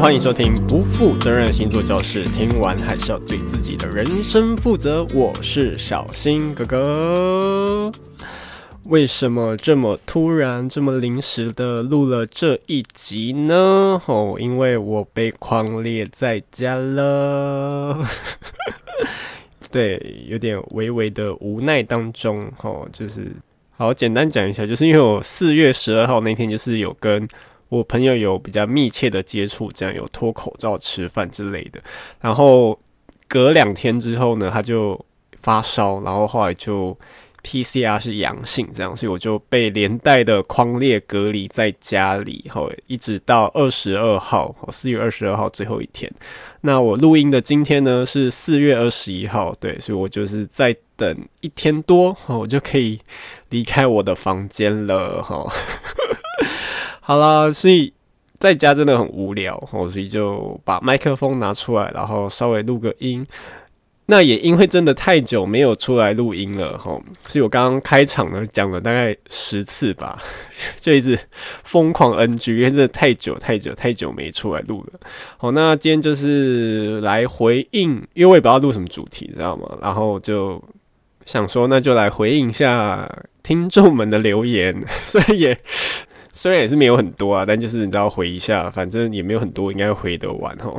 歡迎收聽《不負責任星座教室》，聽完還是要對自己的人生負責。我是小新哥哥。為什麼這麼突然、這麼臨時的錄了這一集呢？哦，因為我被匡列在家了。 對，有點微微的無奈當中。哦，就是好，好簡單講一下，就是因為我四月十二號那天就是有跟我朋友有比較密切的接觸，這樣有脫口罩吃飯之類的。然後隔兩天之後呢，他就發燒，然後後來就 PCR 是陽性，這樣，所以我就被連帶的匡列隔離在家裡，齁一直到二十二號，四月二十二號最後一天。那我錄音的今天呢是四月二十一號，對，所以我就是再等一天多，我就可以離開我的房間了，齁。好啦，所以在家真的很無聊，吼，所以就把麥克風拿出來，然後稍微錄個音。那也因為真的太久沒有出來錄音了，吼，所以我剛剛開場呢講了大概十次吧，就一直瘋狂 NG，因為真的太久太久太久沒出來錄了。好，那今天就是來回應，因為我也不知道錄什麼主題，知道嗎？然後就想說，那就來回應一下聽眾們的留言，所以也。雖然也是沒有很多啊，但就是你知道回一下，反正也沒有很多，應該回得完吼。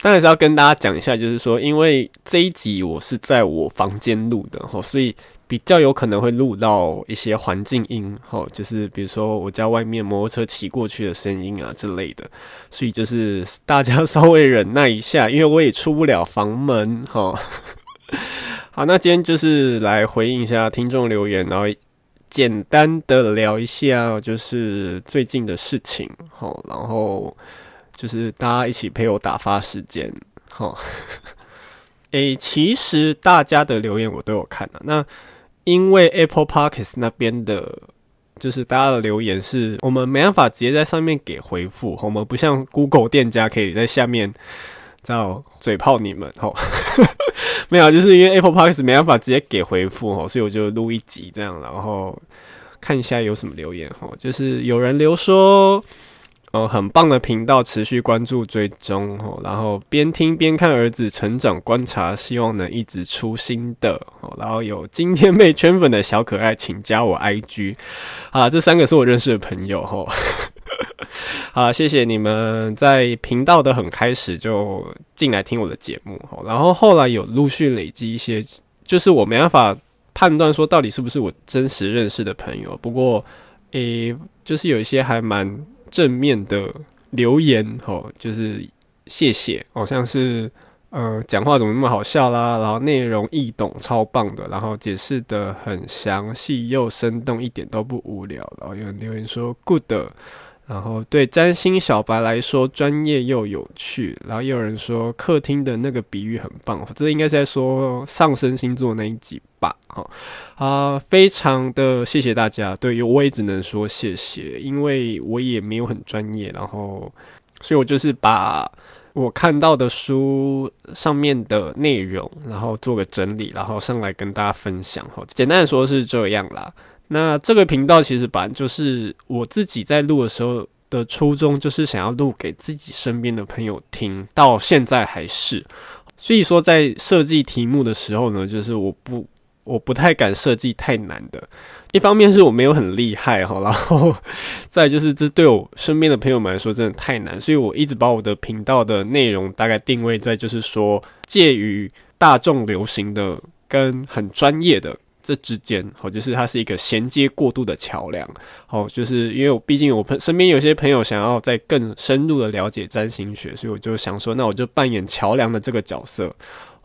當 然是要跟大家講一下，就是說，因為這一集我是在我房間錄的吼，所以比較有可能會錄到一些環境音吼，就是比如說我家外面摩托車騎過去的聲音啊之類的，所以就是大家稍微忍耐一下，因為我也出不了房門吼，好，那今天就是來回應一下聽眾留言，然後。簡單的聊一下，就是最近的事情，好，然後就是大家一起陪我打發時間，好。誒、 欸，其實大家的留言我都有看的、啊，那因為 Apple Podcast 那邊的，就是大家的留言是我們沒辦法直接在上面給回復，我們不像 Google 店家可以在下面叫嘴炮你們，好。 沒有，就是因為 Apple Podcast 沒辦法直接給回復哈，所以我就錄一集這樣，然後看一下有什麼留言哈。就是有人留說，呃、哦，很棒的頻道，持續關注追蹤哦，然後邊聽邊看兒子成長觀察，希望能一直出新的哦。然後有今天被圈粉的小可愛，請加我 IG 啊，這三個是我認識的朋友哈。呵呵好，謝謝你們在頻道的很開始就進來聽我的節目，然後後來有陸續累積一些，就是我沒辦法判斷說到底是不是我真實認識的朋友，不過，欸，就是有一些還蠻正面的留言就是謝謝，好像是呃，講話怎麼那麼好笑啦，然後內容易懂，超棒的，然後解釋得很詳細又生動，一點都不無聊，然後有人留言說 good。然後對占星小白來說，專業又有趣。然後也有人說，客廳的那個比喻很棒。這應該是在說上升星座那一集吧？啊、哦呃，非常的謝謝大家。對，我也只能說謝謝，因為我也沒有很專業。然後，所以我就是把我看到的書上面的內容，然後做個整理，然後上來跟大家分享。哈、哦，簡單的說是這樣啦。那這個頻道其實本來就是我自己在錄的時候的初衷，就是想要錄給自己身邊的朋友聽，到現在還是。所以說，在設計題目的時候呢，就是我不我不太敢設計太難的。一方面是我沒有很厲害哈，然後再就是這對我身邊的朋友們來說真的太難，所以我一直把我的頻道的內容大概定位在就是說介於大眾流行的跟很專業的。這之間，好、哦，就是它是一個銜接過渡的橋梁，好、哦，就是因為我畢竟我朋身邊有些朋友想要再更深入的了解占星學，所以我就想說，那我就扮演橋梁的這個角色，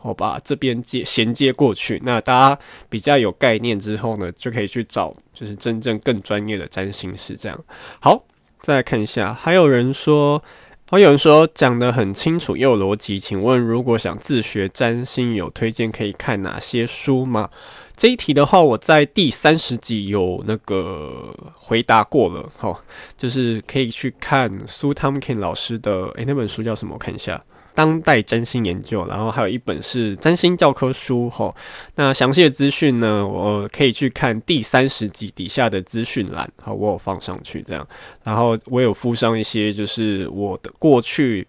我、哦、把這邊接銜接過去，那大家比較有概念之後呢，就可以去找就是真正更專業的占星師，這樣。好，再來看一下，還有人說。好、哦，有人說講得很清楚又邏輯，請問如果想自學占星，有推薦可以看哪些書嗎？這一題的話，我在第三十集有那個回答過了，好、哦，就是可以去看蘇湯姆金老師的，誒、欸、那本書叫什麼？我看一下。當代占星研究，然後還有一本是占星教科書哈。那詳細的資訊呢，我可以去看第三十集底下的資訊欄，好，我有放上去這樣。然後我有附上一些，就是我的過去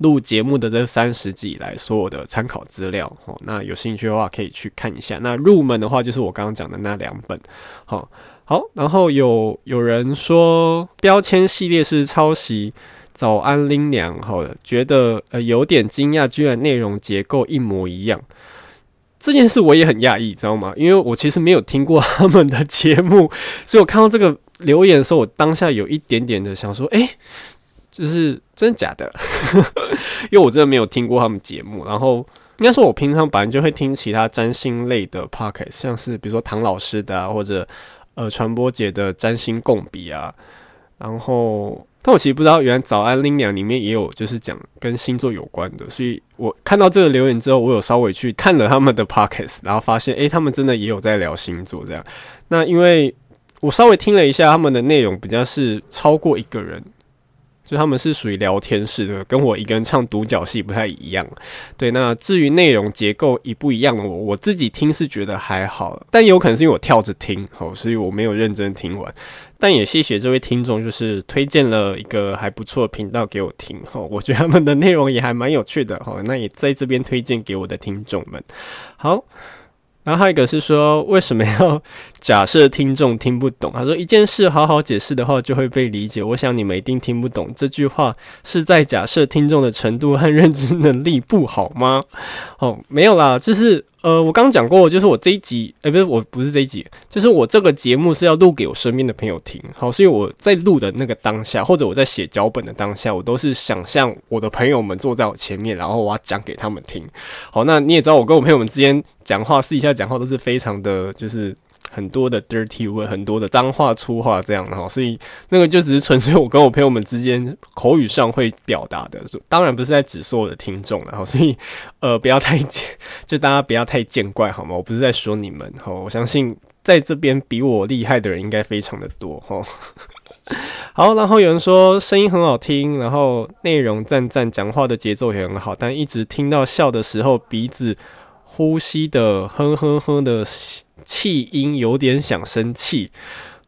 錄節目的這三十集來所有的參考資料。好，那有興趣的話可以去看一下。那入門的話，就是我剛剛講的那兩本。好，好，然後有有人說標籤系列是抄襲。早安，林娘。好了，覺得呃有點驚訝，居然內容結構一模一樣。這件事我也很訝異，知道嗎？因為我其實沒有聽過他們的節目，所以我看到這個留言的時候，我當下有一點點的想說：誒、欸，就是真的假的？ 因為我真的沒有聽過他們節目。然後應該說，我平常本來就會聽其他占星類的 Podcast，像是比如說唐老師的啊，或者呃傳播節的占星共筆啊，然後。但我其實不知道，原來早安林娘裡面也有就是講跟星座有關的，所以我看到這個留言之後，我有稍微去看了他們的 podcast 然後發現誒、欸，他們真的也有在聊星座這樣。那因為我稍微聽了一下他們的內容，比較是超過一個人，就他們是屬於聊天式的，跟我一個人唱獨角戲不太一樣。對，那至於內容結構一不一樣，我我自己聽是覺得還好，但有可能是因為我跳着聽，齁，所以我沒有認真聽完。但也謝謝這位聽眾，就是推薦了一個還不錯頻道給我聽齁，我覺得他們的內容也還蠻有趣的齁，那也在這邊推薦給我的聽眾們。好，然後還有一個是說，為什麼要假設聽眾聽不懂？他說一件事好好解釋的話就會被理解，我想你們一定聽不懂，這句話是在假設聽眾的程度和認知能力不好嗎？哦，沒有啦，就是。呃，我剛剛講過，就是我這一集，誒、欸，不是，我不是這一集，就是我這個節目是要錄給我身邊的朋友聽，好，所以我在錄的那個當下，或者我在寫腳本的當下，我都是想象我的朋友們坐在我前面，然後我要講給他們聽，好，那你也知道，我跟我朋友們之間講話，私底下講話都是非常的就是。很多的 dirty word，很多的髒話粗話，這樣的哈，所以那個就只是純粹我跟我朋友們之間口語上會表達的，當然不是在指說我的聽眾了哈，所以呃不要太見就大家不要太見怪好嗎？我不是在說你們哈，我相信在這邊比我厲害的人應該非常的多哈。好，然後有人說聲音很好聽，然後內容讚讚，講話的節奏也很好，但一直聽到笑的時候鼻子呼吸的哼哼哼的。氣音有點想生氣，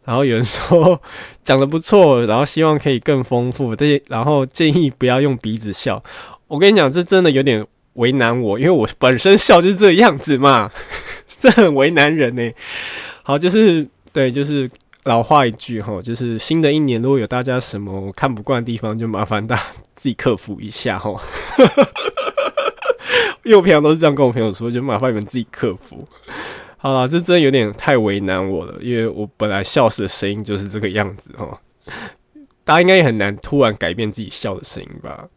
然後有人說講得不錯，然後希望可以更豐富，這些，然後建議不要用鼻子笑。我跟你講，這真的有點為難我，因為我本身笑就是這個樣子嘛，這很為難人呢。好，就是對，就是老話一句哈，就是新的一年如果有大家什麼看不慣的地方，就麻煩大家自己克服一下哈。因為我平常都是這樣跟我朋友說，就麻煩你們自己克服。好了，這真的有點太為難我了，因為我本來笑死的聲音就是這個樣子哦。大家應該也很難突然改變自己笑的聲音吧？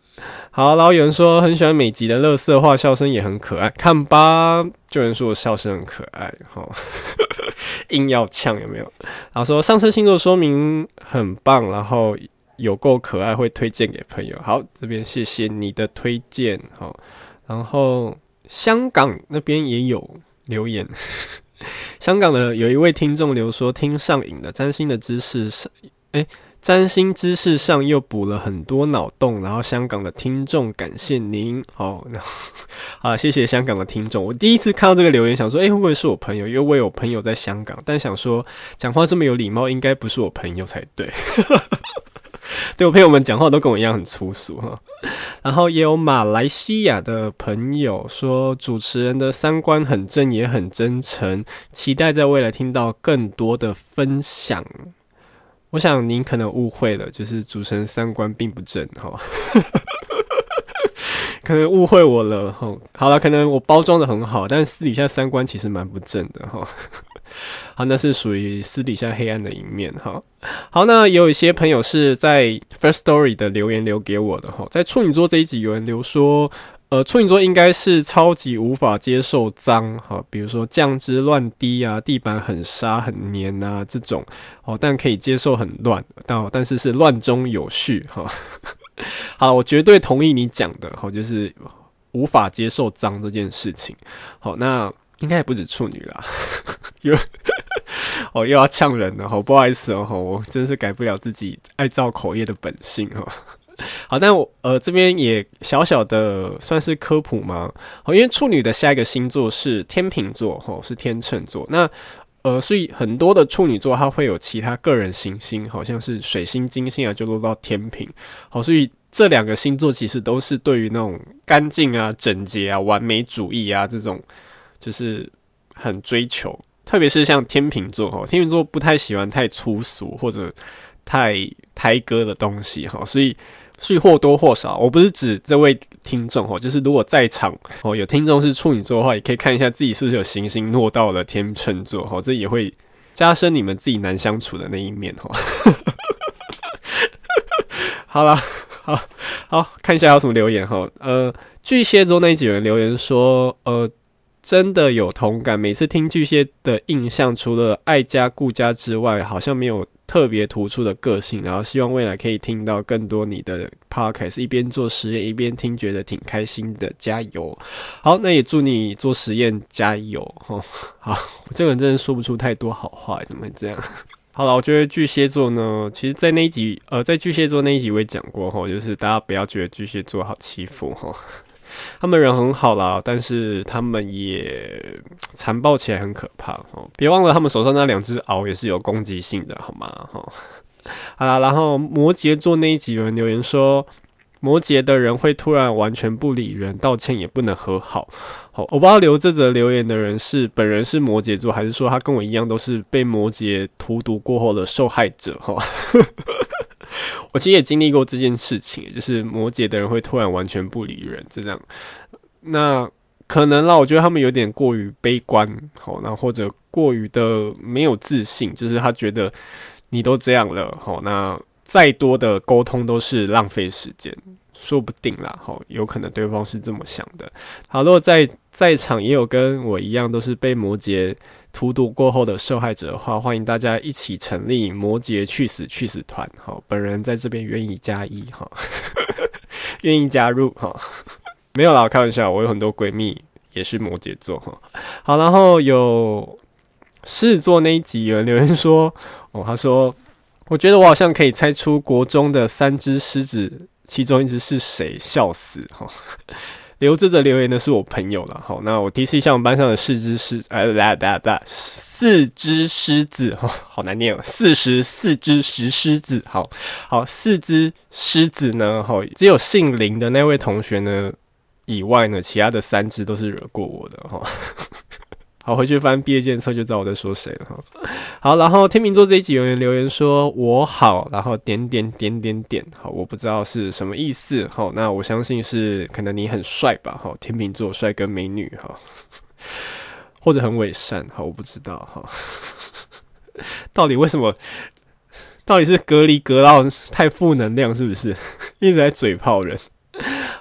好，然後有人說很喜歡每集的樂色話，笑聲也很可愛。看吧，就有人說我笑聲很可愛。齁，硬要嗆有沒有？然後說上次星座說明很棒，然後有夠可愛，會推薦給朋友。好，這邊謝謝你的推薦。齁，然後香港那邊也有。留言，香港的有一位聽眾留說，聽上癮的占星的知識上、欸，占星知識上又補了很多腦洞，然後香港的聽眾感謝您哦，好，啊，謝謝香港的聽眾，我第一次看到這個留言，想說，誒，會不會是我朋友？因為我有朋友在香港，但想說，講話這麼有禮貌，應該不是我朋友才對。對，我朋友們講話都跟我一樣很粗俗哈，然後也有馬來西亞的朋友說，主持人的三觀很正也很真誠，期待在未來聽到更多的分享。我想您可能誤會了，就是主持人三觀並不正哈。哦 可能誤會我了哈、哦，好了，可能我包裝得很好，但私底下三觀其實蠻不正的哈。好、哦 啊，那是屬於私底下黑暗的一面哈、哦。好，那也有一些朋友是在 Firstory 的留言留給我的哈、哦，在處女座這一集有人留說，呃，處女座應該是超級無法接受髒哈、哦，比如說醬汁亂滴啊，地板很沙很黏啊這種哦，但可以接受很亂，但、哦、但是是亂中有序哈。哦好，我絕對同意你講的，好，就是無法接受髒這件事情。好，那應該也不止處女啦，呵呵又哦又要嗆人了，好不好意思哦，我真是改不了自己愛造口業的本性哦。好，但我呃這邊也小小的算是科普嗎？好，因為處女的下一個星座是天秤座，吼是天秤座，那。呃，所以很多的處女座，它會有其他個人行星，好像是水星、金星啊，就落到天秤。好，所以這兩個星座其實都是對於那種乾淨啊、整潔啊、完美主義啊這種，就是很追求。特別是像天秤座，哈，天秤座不太喜歡太粗俗或者太胎哥的東西，哈，所以。所以或多或少，我不是指這位聽眾哦，就是如果在場哦有聽眾是處女座的話，也可以看一下自己是不是有行星落到了天秤座哦，這也會加深你們自己難相處的那一面哦。 好了，好好看一下還有什麼留言哈，哦。呃，巨蟹座那幾人留言說，呃，真的有同感，每次聽巨蟹的印象，除了愛家顧家之外，好像沒有特別突出的個性，然後希望未來可以聽到更多你的 podcast。一邊做實驗一邊聽，覺得挺開心的，加油！好，那也祝你做實驗加油齁。好，我這個人真的說不出太多好話，欸，怎麼會這樣？好了，我覺得巨蟹座呢，其實，在那一集呃，在巨蟹座那一集我也講過齁，就是大家不要覺得巨蟹座好欺負齁。他們人很好啦，但是他們也殘暴起來很可怕哦。別忘了，他們手上那兩隻獒也是有攻擊性的，好嗎？哈、哦，好啦，然後摩羯座那一集有人留言說，摩羯的人會突然完全不理人，道歉也不能和好。好、哦，我不知道留這則留言的人是本人是摩羯座，還是說他跟我一樣都是被摩羯荼毒過後的受害者？哈、哦。 我其實也經歷過這件事情，就是摩羯的人會突然完全不理人，就這樣。那可能啦，我覺得他們有點過於悲觀，好，那或者過於的沒有自信，就是他覺得你都這樣了，好，那再多的溝通都是浪費時間，說不定啦，好，有可能對方是這麼想的。好，如果在在場也有跟我一樣都是被摩羯荼毒過後的受害者的話，歡迎大家一起成立摩羯去死去死團哈。本人在這邊願意加一哈，願 意加入哈。沒有啦，開玩笑，我有很多閨蜜也是摩羯座哈。好，然後有獅子座那一集有人留言說哦，他說我覺得我好像可以猜出國中的三隻獅子，其中一隻是誰？笑死哈。留這則留言的是我朋友了，好，那我提示一下，我們班上的四隻獅，呃噠噠噠，四隻獅子齁，好難念了，四十四隻石獅子，好好，四隻獅子呢，好，只有姓林的那位同學呢以外呢，其他的三隻都是惹過我的哈。齁好，回去翻畢業證冊就知道我在說誰了哈。好，然後天秤座這一集有人留言說“我好”，然後點點點點點點，好，我不知道是什麼意思。好，那我相信是可能你很帥吧？好，天秤座帥哥美女哈，或者很偽善？好，我不知道哈，到底為什麼？到底是隔離隔到太負能量，是不是一直在嘴炮人？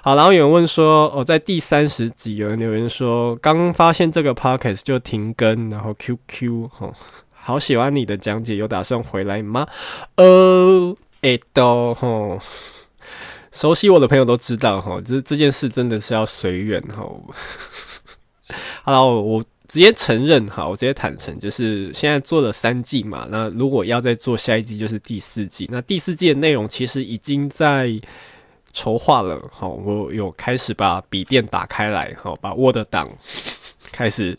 好，然後有人問說，我、哦、在第三十集有人留言說，剛發現這個 podcast 就停更，然後 QQ 哈、哦，好喜歡你的講解，有打算回來嗎？呃，哎、欸、都哈、哦，熟悉我的朋友都知道哈、哦，這這件事真的是要隨緣哈。好，哦、我直接承認哈，我直接坦誠，就是現在做了三季嘛，那如果要再做下一季，就是第四季，那第四季的內容其實已經在。籌劃了，好，我有開始把筆電打開來，好，把 Word 檔開始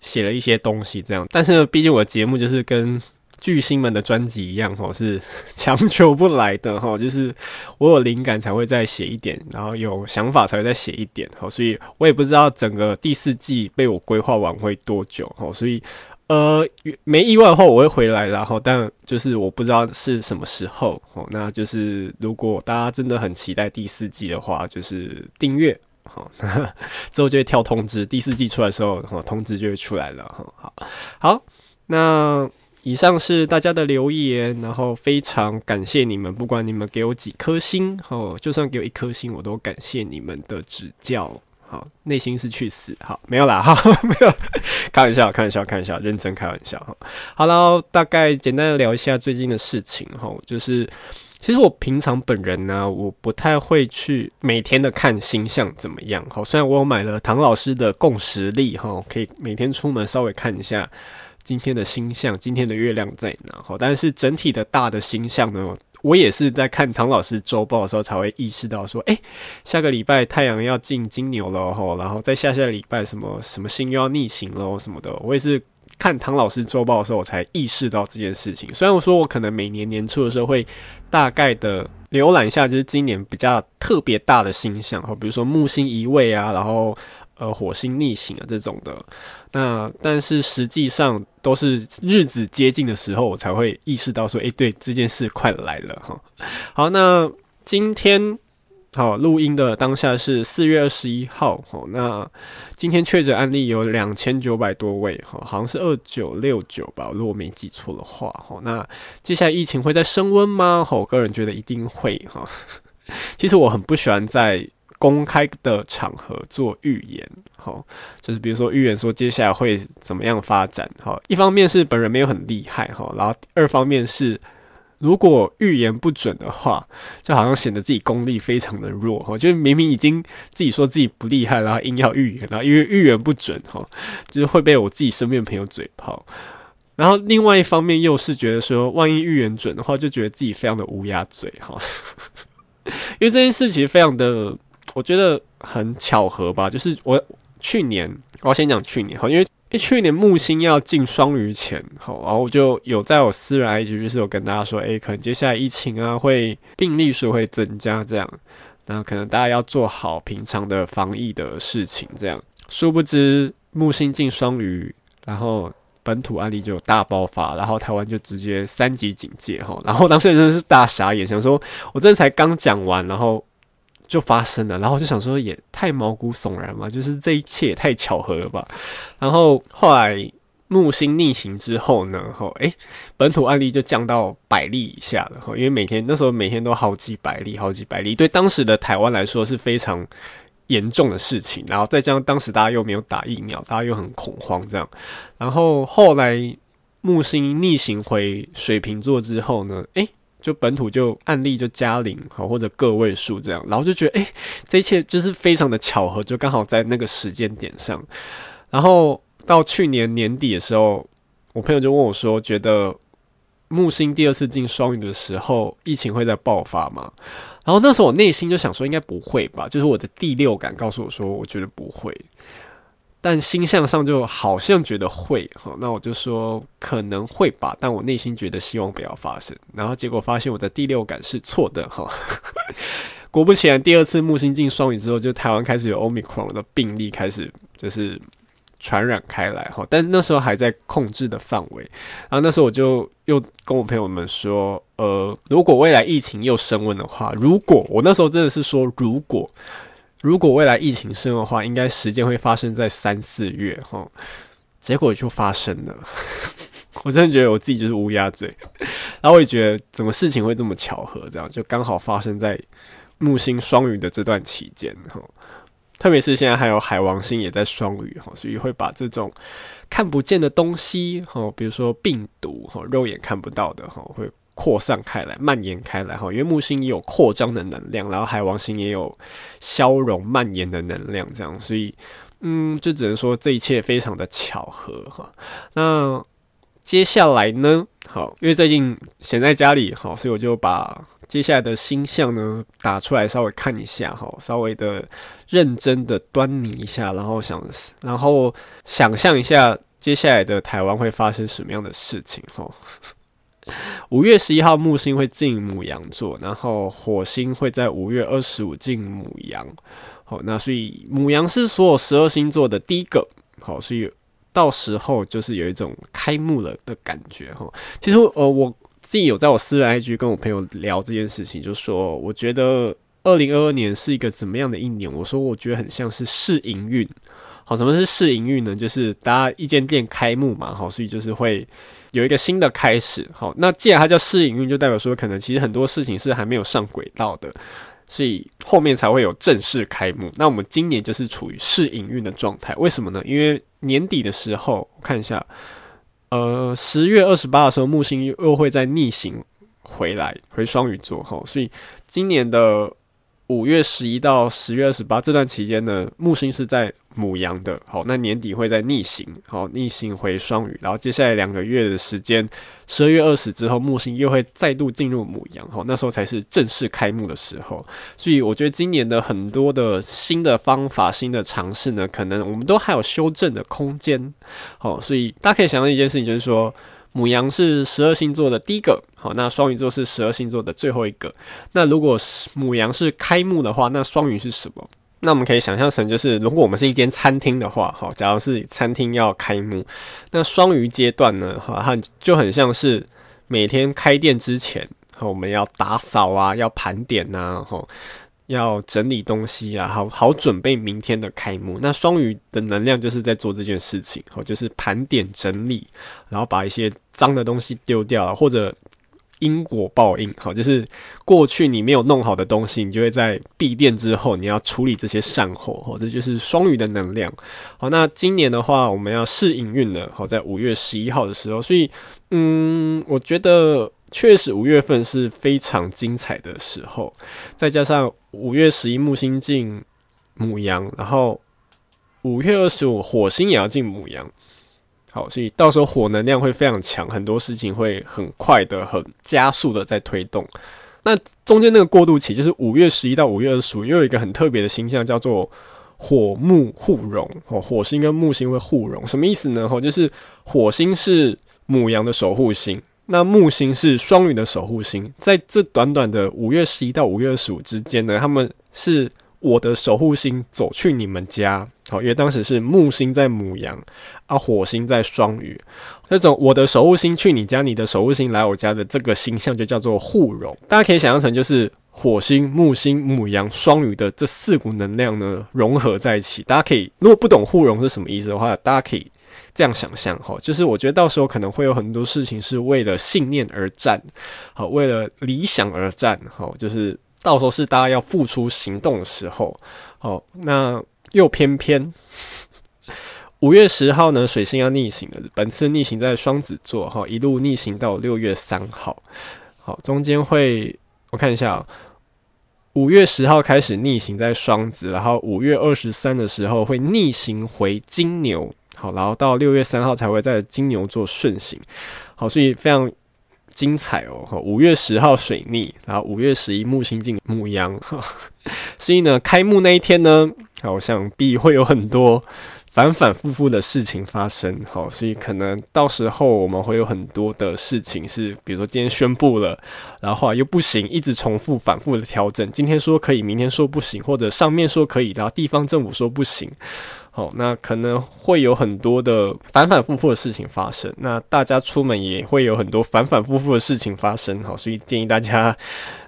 寫了一些東西，這樣。但是畢竟我的節目就是跟巨星們的專輯一樣，哈，是強求不來的，哈，就是我有靈感才會再寫一點，然後有想法才會再寫一點，好，所以我也不知道整個第四季被我規劃完會多久，好，所以。呃，沒意外的話，我會回來。然後，但就是我不知道是什麼時候。哦，那就是如果大家真的很期待第四季的話，就是訂閱，哦，之後就會跳通知。第四季出來的時候，哦，通知就會出來了。哈，好，那以上是大家的留言，然後非常感謝你們，不管你們給我幾顆星，哦，就算給我一顆星，我都感謝你們的指教。好，內心是去死。好，沒有啦，哈，沒有，開玩笑，開玩笑，開玩笑，認真開玩笑哈。好了，大概簡單的聊一下最近的事情哈，就是其實我平常本人呢、啊，我不太會去每天的看星象怎麼樣哈。雖然我買了唐老師的共時曆，哈，可以每天出門稍微看一下今天的星象，今天的月亮在哪哈。但是整體的大的星象呢。我也是在看唐老師週報的時候才會意識到說，誒，下個禮拜太陽要進金牛了哦。然後再下下禮拜什麼什麼星又要逆行了什麼的。我也是看唐老師週報的時候我才意識到這件事情。雖然我說我可能每年年初的時候會大概的瀏覽一下，就是今年比較特別大的星象，比如說木星移位啊，然後呃火星逆行啊這種的。那但是實際上都是日子接近的時候，我才會意識到說，誒，對，這件事快來了哈。好，那今天好錄音的當下是四月二十一號哈。那今天確診案例有兩千九百多位哈，好像是二九六九吧，如果我沒記錯的話哈。那接下來疫情會再升溫嗎？哈，我個人覺得一定會哈。其實我很不喜歡在。公開的場合做預言，哈，就是比如說預言說接下來會怎麼樣發展，哈，一方面是本人沒有很厲害，哈，然後二方面是如果預言不準的話，就好像顯得自己功力非常的弱，哈，就是明明已經自己說自己不厲害，然後硬要預言，然後因為預言不準，哈，就是會被我自己身邊的朋友嘴炮，然後另外一方面又是覺得說萬一預言準的話，就覺得自己非常的烏鴉嘴，哈，因為這件事情非常的。我覺得很巧合吧，就是我去年，我要先講去年，因因為去年木星要進雙魚前，好，然後我就有在我私人 IG 是有跟大家說，哎、欸，可能接下來疫情啊會病例數會增加，這樣，然後可能大家要做好平常的防疫的事情，這樣。殊不知木星進雙魚，然後本土案例就有大爆發，然後台灣就直接三級警戒，齁，然後當時真的是大傻眼，想說我這才剛講完，然後。就發生了，然後我就想說也太毛骨悚然嘛，就是這一切也太巧合了吧。然後後來木星逆行之後呢，吼誒，本土案例就降到百例以下了，吼，因為每天那時候每天都好幾百例，好幾百例，對當時的台灣來說是非常嚴重的事情。然後再加上當時大家又沒有打疫苗，大家又很恐慌這樣。然後後來木星逆行回水瓶座之後呢，誒。就本土就案例就加零好或者個位數這樣，然後就覺得誒、欸，這一切就是非常的巧合，就剛好在那個時間點上。然後到去年年底的時候，我朋友就問我說，覺得木星第二次進雙魚的時候，疫情會再爆發嗎？然後那時候我內心就想說，應該不會吧，就是我的第六感告訴我說，我覺得不會。但星象上就好像覺得會哈，那我就說可能會吧，但我內心覺得希望不要發生。然後結果發現我的第六感是錯的哈， 果不其然，第二次木星進雙魚之後，就台灣開始有 omicron 的病例開始就是傳染開來哈，但那時候還在控制的範圍。然、啊、後那時候我就又跟我朋友們說，呃，如果未來疫情又升溫的話，如果我那時候真的是說如果。如果未來疫情升的話，應該時間會發生在三四月哈，結果就發生了。 我真的覺得我自己就是烏鴉嘴， 然後我也覺得怎麼事情會這麼巧合，這樣就剛好發生在木星雙魚的這段期間哈，特別是現在還有海王星也在雙魚哈，所以會把這種看不見的東西哈，比如說病毒哈，肉眼看不到的哈，會。擴散開來，蔓延開來哈，因為木星也有擴張的能量，然後海王星也有消融蔓延的能量，這樣，所以，嗯，就只能說這一切非常的巧合哈。那接下來呢？好，因為最近閒在家裡哈，所以我就把接下來的星象呢打出來，稍微看一下哈，稍微的認真的端倪一下，然後想，然後想象一下接下來的台灣會發生什麼樣的事情哈。五月十一號，木星會進牡羊座，然後火星會在五月二十五進牡羊。好，那所以牡羊是所有十二星座的第一個。好，所以到時候就是有一種開幕了的感覺。哈，其實呃，我自己有在我私人 IG 跟我朋友聊這件事情就，就說我覺得二零二二年是一個怎麼樣的一年？我說我覺得很像是試營運。好，什麼是試營運呢？就是大家一間店開幕嘛。好，所以就是會。有一個新的開始，好，那既然它叫試營運，就代表說可能其實很多事情是還沒有上軌道的，所以後面才會有正式開幕。那我們今年就是處於試營運的狀態，為什麼呢？因為年底的時候，我看一下，呃，十月二十八的時候，木星又會再逆行回來，回雙魚座，哈，所以今年的。五月十一到十月二十八這段期間呢，木星是在牡羊的。好，那年底會在逆行，好，逆行回雙魚，然後接下來兩個月的時間，十二月二十之後，木星又會再度進入牡羊。好，那時候才是正式開幕的時候。所以我覺得今年的很多的新的方法、新的嘗試呢，可能我們都還有修正的空間。好，所以大家可以想到一件事情，就是說。母羊是十二星座的第一個，好，那雙魚座是十二星座的最後一個。那如果牡羊是開幕的話，那雙魚是什麼？那我們可以想象成，就是如果我們是一間餐廳的話，好，假如是餐廳要開幕，那雙魚階段呢，哈，它就很像是每天開店之前，哈，我們要打掃啊，要盤點吶啊，哈。要整理東西啊，好好準備明天的開幕。那雙魚的能量就是在做這件事情，好，就是盤點整理，然後把一些髒的東西丟掉，或者因果報應，好，就是過去你沒有弄好的東西，你就會在閉店之後你要處理這些善後，好，這就是雙魚的能量。好，那今年的話，我們要試營運了，好，在五月十一號的時候，所以嗯，我覺得確實五月份是非常精彩的時候，再加上。五月十一木星進牡羊，然後五月二十五火星也要進牡羊，好，所以到時候火能量會非常強，很多事情會很快的、很加速的在推動。那中間那個過渡期，就是五月十一到五月二十五，又有一個很特別的星象，叫做火木互融哦，火星跟木星會互融，什麼意思呢？哦，就是火星是牡羊的守護星。那木星是雙魚的守護星，在這短短的五月十一到五月十五之間呢，他們是我的守護星走去你們家，好，因為當時是木星在牡羊，啊，火星在雙魚，那種我的守護星去你家，你的守護星來我家的這個星象就叫做互容。大家可以想象成就是火星、木星、牡羊、雙魚的這四股能量呢融合在一起。大家可以如果不懂互容是什麼意思的話，大家可以。這樣想象哈，就是我覺得到時候可能會有很多事情是為了信念而戰，好，為了理想而戰，哈，就是到時候是大家要付出行動的時候，哦。那又偏偏五月十號呢，水星要逆行了，本次逆行在雙子座哈，一路逆行到六月三號，好，中間會我看一下，喔，五月十號開始逆行在雙子，然後五月二十三的時候會逆行回金牛。好，然後到六月三號才會在金牛座順行，好，所以非常精彩哦。五月十號水逆，然後五月十一木星進牡羊，所以呢，開幕那一天呢，好，想必會有很多反反复复的事情發生。好，所以可能到時候我們會有很多的事情是，比如說今天宣布了，然後、啊、又不行，一直重復反覆的調整。今天說可以，明天說不行，或者上面說可以，然後地方政府說不行。好，那可能會有很多的反反复复的事情發生。那大家出門也會有很多反反复复的事情發生。好，所以建議大家，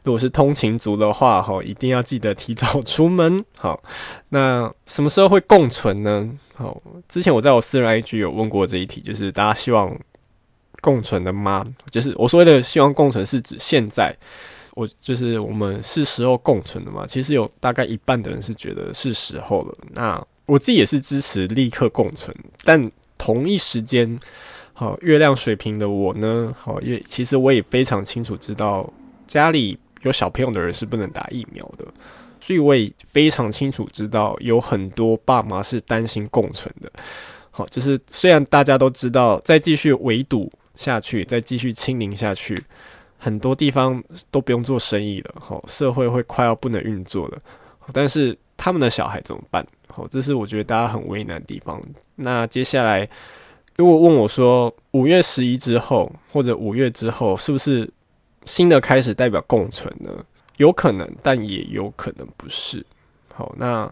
如果是通勤族的話，哈，一定要記得提早出門。好，那什麼時候會共存呢？好，之前我在我私人 IG 有問過這一題，就是大家希望共存的嗎？就是我所謂的希望共存，是指現在我就是我們是時候共存的嗎？其實有大概一半的人是覺得是時候了。那我自己也是支持立刻共存，但同一時間，好月亮水瓶的我呢？好，因為其實我也非常清楚知道，家裡有小朋友的人是不能打疫苗的，所以我也非常清楚知道，有很多爸媽是擔心共存的。好，就是雖然大家都知道，再繼續圍堵下去，再繼續清零下去，很多地方都不用做生意了，好，社會會快要不能運作了，但是他們的小孩怎麼辦？好，這是我覺得大家很為難的地方。那接下來，如果問我說五月十一之後，或者五月之後，是不是新的開始代表共存呢？有可能，但也有可能不是。好，那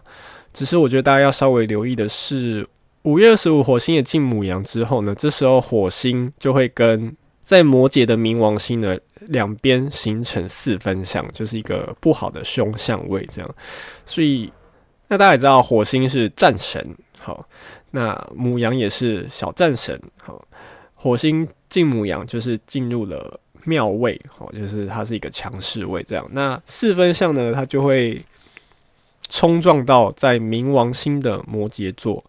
只是我覺得大家要稍微留意的是，五月二十五火星也進牡羊之後呢，這時候火星就會跟在摩羯的冥王星的兩邊形成四分相，就是一個不好的凶相位，這樣，所以。那大家也知道，火星是戰神，好，那牡羊也是小戰神，好，火星進牡羊就是進入了廟位，好，就是它是一個強勢位，這樣。那四分相呢，它就會衝撞到在冥王星的摩羯座，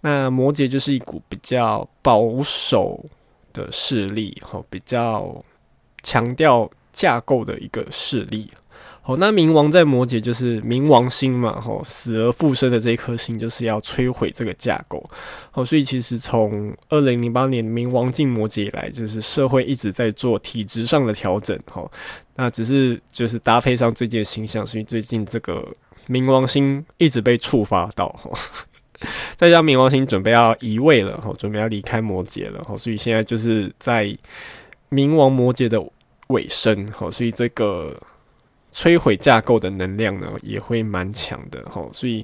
那摩羯就是一股比較保守的勢力，吼，比較強調架構的一個勢力。好，那冥王在摩羯就是冥王星嘛，吼，死而復生的這一顆星就是要摧毀這個架構，哦，所以其實從二零零八年冥王進摩羯以來，就是社會一直在做體制上的調整，吼，那只是就是搭配上最近的星象，所以最近這個冥王星一直被觸發到，吼，再加上冥王星準備要移位了，吼，準備要離開摩羯了，吼，所以現在就是在冥王摩羯的尾聲，吼，所以這個。摧毀架構的能量呢，也會蠻強的吼，所以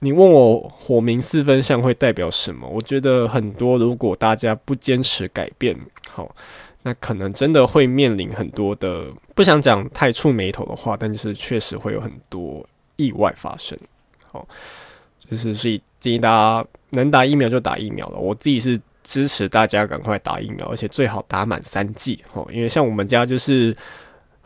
你問我火冥四分相會代表什麼？我覺得很多，如果大家不堅持改變，吼，那可能真的會面臨很多的。不想講太觸霉頭的話，但是確實會有很多意外發生。吼，就是所以建議大家能打疫苗就打疫苗了。我自己是支持大家趕快打疫苗，而且最好打滿三劑。吼，因為像我們家就是。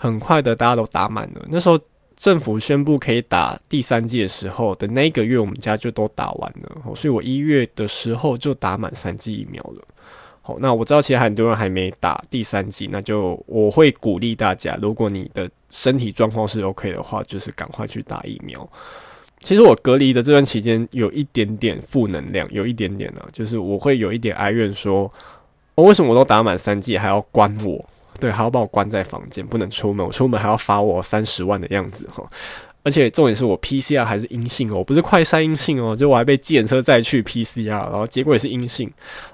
很快的，大家都打滿了。那時候政府宣布可以打第三劑的時候的那個月，我們家就都打完了。所以我一月的時候就打滿三劑疫苗了。好，那我知道其實很多人還沒打第三劑，那就我會鼓勵大家，如果你的身體狀況是 OK 的話，就是趕快去打疫苗。其實我隔離的這段期間有一點點負能量，有一點點呢、啊，就是我會有一點哀怨，說，我、哦、為什麼我都打滿三劑還要關我？對，還要把我關在房間，不能出門。我出門還要罰我三十萬的樣子哈。而且重點是我 PCR 還是陰性哦，我不是快篩陰性哦，就我還被檢測再去 PCR，然後結果也是陰性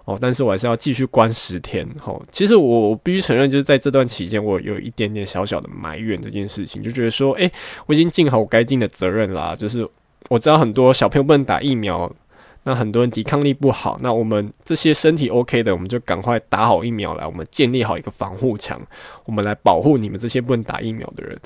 哦。但是我還是要繼續關十天哈。其實我，我必須承認，就是在這段期間，我有一點點小小的埋怨這件事情，就覺得說，誒、欸，我已經盡好我該盡的責任啦。就是我知道很多小朋友不能打疫苗。那很多人抵抗力不好，那我們這些身體 OK 的，我們就趕快打好疫苗來，我們建立好一個防護牆，我們來保護你們這些不能打疫苗的人。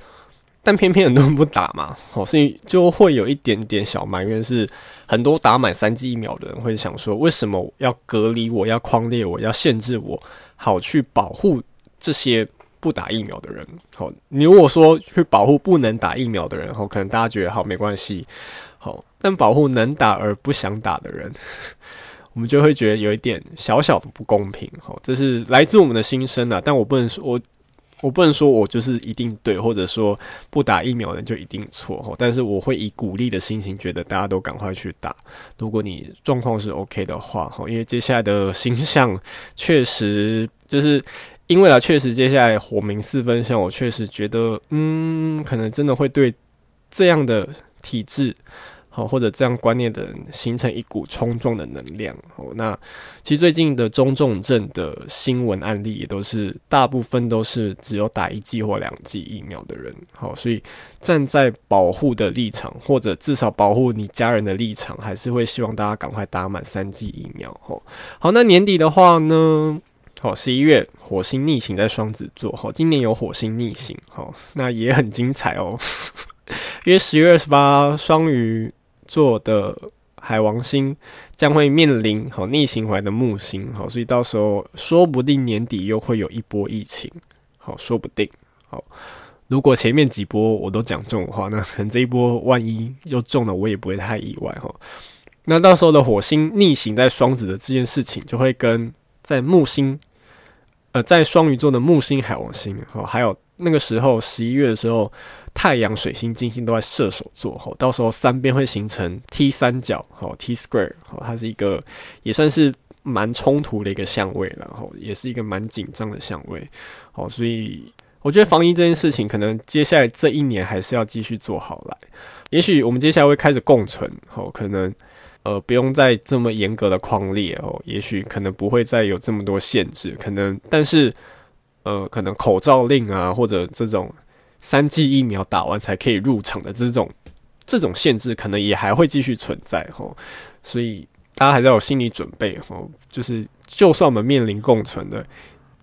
但偏偏很多人不打嘛，哦，所以就會有一點點小埋怨，因為是很多打滿三劑疫苗的人會想說，為什麼要隔離我，要匡列我，要限制我，好去保護這些不打疫苗的人。好，你如果說去保護不能打疫苗的人，哦，可能大家覺得好沒關係。好，但保護能打而不想打的人，我們就會覺得有一點小小的不公平。哈，這是來自我們的心聲啊。但我不能說，我我不能說我就是一定對，或者說不打疫苗的人就一定錯。哈，但是我會以鼓勵的心情，覺得大家都趕快去打。如果你狀況是 OK 的話，哈，因為接下來的星象確實就是因為啊，確實接下來火冥四分相我確實覺得，嗯，可能真的會對這樣的體質，好，或者這樣觀念的人形成一股衝撞的能量。哦，那其實最近的中重症的新聞案例也都是大部分都是只有打一劑或兩劑疫苗的人。好，所以站在保護的立場，或者至少保護你家人的立場，還是會希望大家趕快打滿三劑疫苗。哦，好，那年底的話呢，好，十一月火星逆行在雙子座。好，今年有火星逆行。好，那也很精彩哦。 因為十月二十八雙魚。座的海王星將會面臨好逆行懷的木星，好，所以到時候說不定年底又會有一波疫情，好，說不定，好，如果前面幾波我都講中的話，那可能這一波萬一又中了，我也不會太意外哈。那到時候的火星逆行在雙子的這件事情，就會跟在木星，呃，在雙魚座的木星海王星，好，還有那個時候十一月的時候。太陽、水星、金星都在射手座，吼，到時候三邊會形成 T 三角，吼，T square，吼，它是一個也算是蠻衝突的一個相位，然後也是一個蠻緊張的相位，吼，所以我覺得防疫這件事情，可能接下來這一年還是要繼續做好來。也許我們接下來會開始共存，吼，可能呃不用再這麼嚴格的匡列，吼，也許可能不會再有這麼多限制，可能，但是呃，可能口罩令啊或者這種。三劑疫苗打完才可以入場的這種這種限制，可能也還會繼續存在吼，所以大家還是要有心理準備吼，就是，就算我們面臨共存的，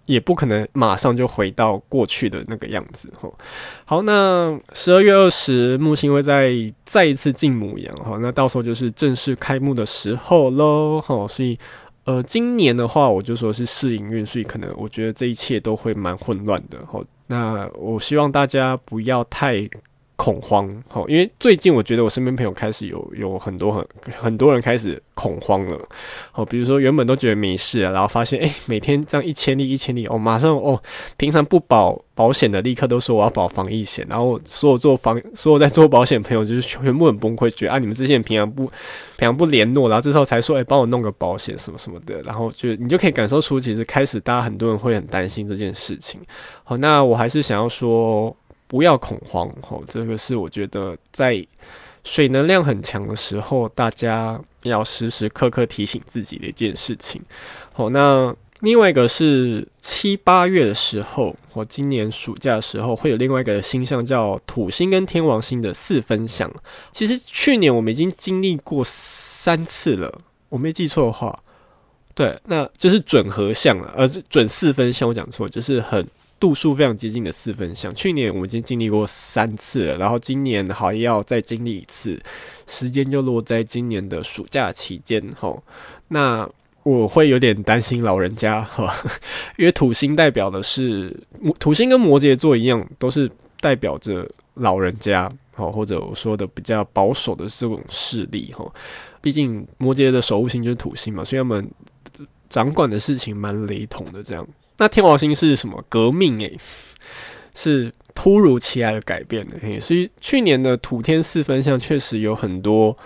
也不可能馬上就回到過去的那個樣子吼，好，那十二月二十，木星會再再，再一次進牡羊哈，那到時候就是正式開幕的時候嘍吼，所以，呃，今年的話，我就說是試營運，所以可能我覺得這一切都會蠻混亂的吼。那我希望大家不要太。恐慌哦，因為最近我覺得我身邊朋友開始有有很多很很多人開始恐慌了哦，比如說原本都覺得沒事，然後發現誒，每天這樣一千例一千例，哦，馬上哦，平常不保保險的立刻都說我要保防疫險，然後所有做防所有在做保險朋友就是全部很崩潰，覺得啊，你們這些人平常不平常不聯絡，然後之後才說誒，幫我弄個保險什麼什麼的，然後就你就可以感受出其實開始大家很多人會很擔心這件事情。好，那我還是想要說。不要恐慌，哦，這個是我覺得在水能量很強的時候，大家要時時刻刻提醒自己的一件事情。好、哦，那另外一個是七八月的時候，我、哦、今年暑假的時候會有另外一個星象叫土星跟天王星的四分相。其實去年我們已經經歷過三次了，我沒記錯的話，對，那就是準合相了，呃，準四分相，我講錯，就是很。度數非常接近的四分相，去年我們已經經歷過三次了，然後今年還要再經歷一次，時間就落在今年的暑假期間。哈，那我會有點擔心老人家哈，因為土星代表的是土星跟摩羯座一樣，都是代表着老人家哦，或者我說的比較保守的這種勢力哈。畢竟摩羯的守護星就是土星嘛，所以他們掌管的事情蠻雷同的這樣。那天王星是什麼革命、欸？誒？是突如其來的改變的、欸。所以去年的土天四分相確實有很多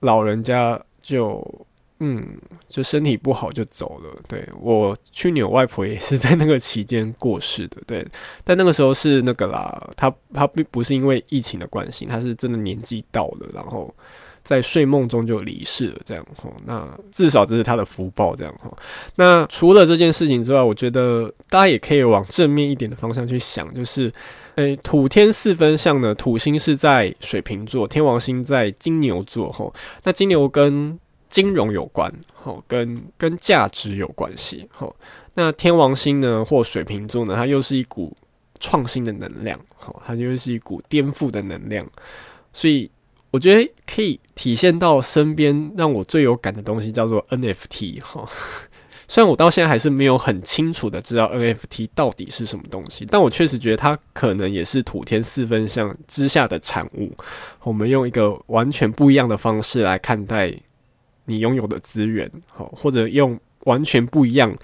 老人家就嗯，就身體不好就走了。對。我去年我外婆也是在那個期間過世的。對，但那個時候是那個啦，他他並不是因為疫情的關係，他是真的年紀到了，然後。在睡夢中就離世了，這樣吼。那至少這是他的福報，這樣吼。那除了這件事情之外，我覺得大家也可以往正面一點的方向去想，就是，誒、欸，土天四分相呢，土星是在水瓶座，天王星在金牛座，吼。那金牛跟金融有關，吼，跟跟價值有關係，吼。那天王星呢或水瓶座呢，它又是一股創新的能量，吼，它又是一股顛覆的能量，所以。我覺得可以體現到身邊讓我最有感的東西叫做 NFT 哈，雖然我到現在還是沒有很清楚的知道 NFT 到底是什麼東西，但我確實覺得它可能也是土天四分相之下的產物。我們用一個完全不一樣的方式來看待你擁有的資源，好，或者用完全不一樣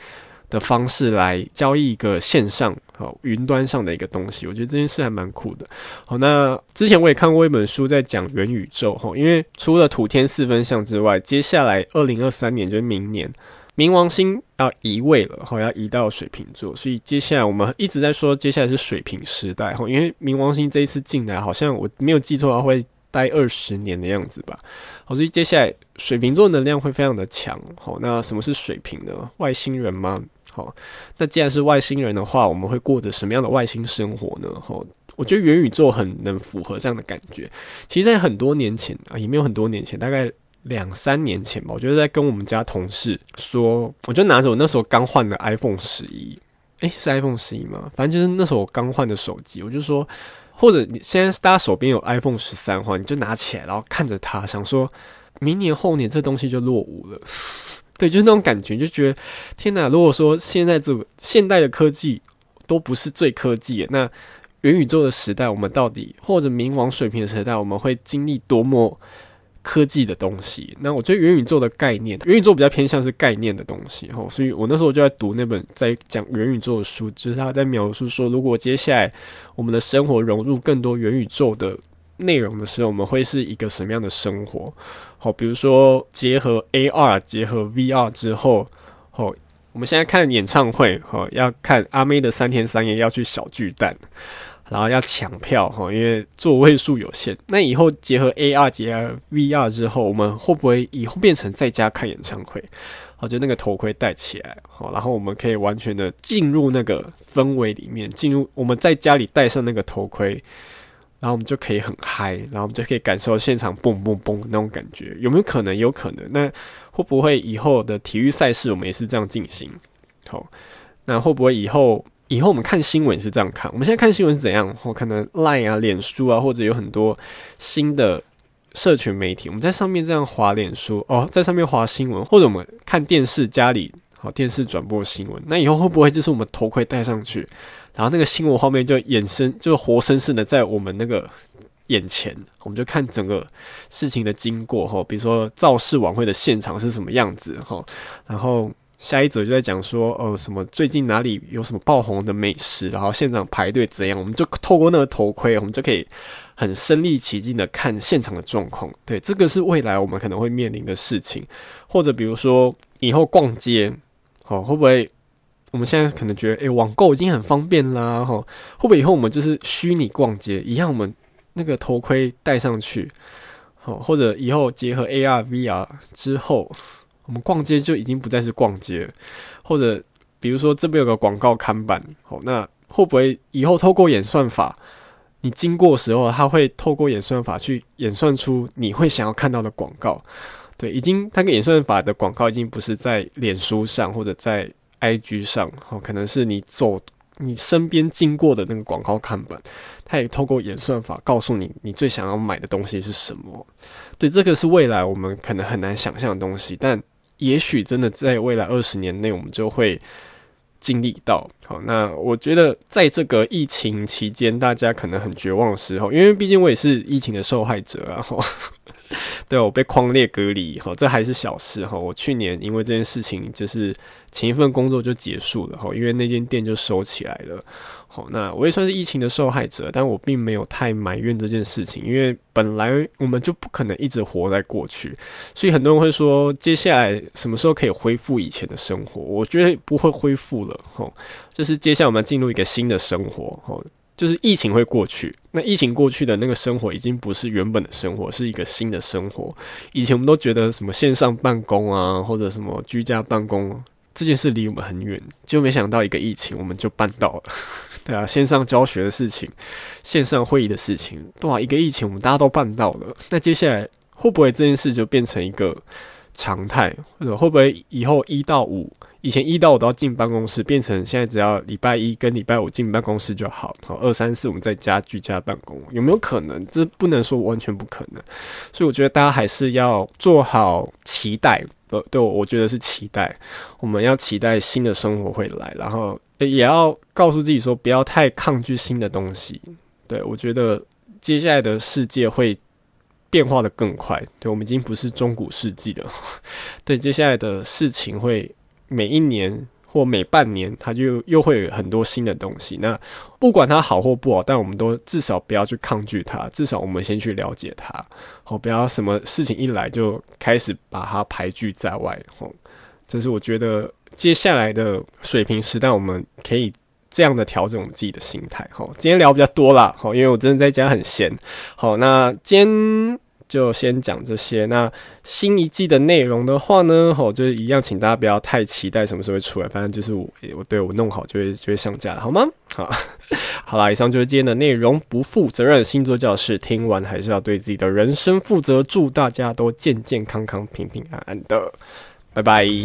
的方式來交易一個線上。好，雲端上的一個東西，我覺得這件事還蠻酷的。好，那之前我也看過一本書在講元宇宙，哈，因為除了土天四分相之外，接下來二零二三年就是明年，冥王星要移位了，好，要移到水瓶座，所以接下來我們一直在說，接下來是水瓶時代，哈，因為冥王星這一次進來，好像我沒有記錯，會待二十年的樣子吧。好，所以接下來水瓶座能量會非常的強。好，那什麼是水瓶呢？外星人嗎？好、哦，那既然是外星人的話，我們會過着什麼樣的外星生活呢？吼、哦，我覺得元宇宙很能符合這樣的感覺。其實，在很多年前啊，也沒有很多年前，大概兩三年前吧，我就在跟我們家同事說，我就拿着我那時候剛換的 iPhone 十一，誒，是 iPhone 十一嗎？反正就是那時候我剛換的手機，我就說，或者你現在大家手邊有 iPhone 十三的話，你就拿起來，然後看着它，想說明年後年這東西就落伍了。對，就是那種感覺，就覺得天哪！如果說現在這個現代的科技都不是最科技的，那元宇宙的時代，我們到底或者冥王水平的時代，我們會經歷多麼科技的東西？那我覺得元宇宙的概念，元宇宙比較偏向是概念的東西，吼。所以我那時候就在讀那本在講元宇宙的書，就是他在描述說，如果接下來我們的生活融入更多元宇宙的內容的時候，我們會是一個什麼樣的生活？好，比如說，結合 AR 結合 VR 之後，好，我們現在看演唱會，好，要看阿妹的三天三夜要去小巨蛋，然後要搶票，哈，因為座位數有限。那以後結合 AR 結合 VR 之後，我們會不會以後變成在家看演唱會？好，就那個頭盔戴起來，好，然後我們可以完全的進入那個氛圍裡面，進入我們在家裡戴上那個頭盔。然後我們就可以很嗨，然後我們就可以感受現場蹦蹦蹦那種感覺，有沒有可能？有可能。那會不會以後的體育賽事我們也是這樣進行？好，那會不會以後以後我們看新聞也是這樣看？我們現在看新聞是怎樣？我、哦、可能 LINE 啊、臉書啊，或者有很多新的社群媒體，我們在上面這樣滑臉書哦，在上面滑新聞，或者我們看電視，家裡好電視轉播新聞，那以後會不會就是我們頭盔戴上去？然後那個新聞畫面就衍生，就活生生的在我們那個眼前，我們就看整個事情的經過哈，比如說造勢晚會的現場是什麼樣子哈，然後下一則就在講說，呃、哦，什麼最近哪裡有什麼爆紅的美食，然後現場排隊怎樣，我們就透過那個頭盔，我們就可以很身臨其境的看現場的狀況。對，這個是未來我們可能會面臨的事情，或者比如說以後逛街，好，會不會？我們現在可能覺得，誒、欸，網購已經很方便啦。吼，會不會以後我們就是虛擬逛街一樣？我們那個頭盔戴上去，吼，或者以後結合 AR、VR 之後，我們逛街就已經不再是逛街了。或者比如說這邊有個廣告看板，吼，那會不會以後透過演算法，你經過時候，它會透過演算法去演算出你會想要看到的廣告？對，已經它跟演算法的廣告已經不是在臉書上或者在。IG 上，好、哦，可能是你走你身邊經過的那個廣告看板，它也透過演算法告訴你，你最想要買的東西是什麼。對，這個是未來我們可能很難想象的東西，但也許真的在未來二十年內我們就會經歷到。好，那我覺得在這個疫情期間，大家可能很絕望的時候，因為畢竟我也是疫情的受害者啊。呵呵對，我被匡列隔離哈，這還是小事哈。我去年因為這件事情，就是前一份工作就結束了，因為那間店就收起來了。好，那我也算是疫情的受害者，但我並沒有太埋怨這件事情，因為本來我們就不可能一直活在過去。所以很多人會說，接下來什麼時候可以恢復以前的生活？我覺得不會恢復了，就是接下來我們進入一個新的生活。就是疫情會過去，那疫情過去的那個生活已經不是原本的生活，是一個新的生活。以前我們都覺得什麼線上辦公啊，或者什麼居家辦公，這件事離我們很遠，就沒想到一個疫情我們就辦到了。 對啊，線上教學的事情，線上會議的事情，對啊，一個疫情我們大家都辦到了。那接下來會不會這件事就變成一個常態，或者會不會以後一到五？以前一到五都要進辦公室，變成現在只要禮拜一跟禮拜五進辦公室就好。好，二三四我們在家居家辦公，有沒有可能？這不能說完全不可能。所以我覺得大家還是要做好期待。呃，對，我覺得是期待。我們要期待新的生活會來，然後也要告訴自己說不要太抗拒新的東西。對，我覺得接下來的世界會變化的更快。對，我們已經不是中古世紀了。對，接下來的事情會。每一年或每半年，它就又會有很多新的東西。那不管它好或不好，但我們都至少不要去抗拒它，至少我們先去了解它。好，不要什麼事情一來就開始把它排拒在外。好，這是我覺得接下來的水平時代，我們可以這樣的調整我們自己的心態。好，今天聊比較多啦。好，因為我真的在家很閒。好，那今天。就先講這些。那新一季的內容的話呢，吼，就是一樣，請大家不要太期待什麼時候會出來。反正就是我，我，對，對我弄好就會就會上架了，好嗎？好，好啦。以上就是今天的內容。不負責任星座教室，聽完還是要對自己的人生負責。祝大家都健健康康、平平安安的，拜拜。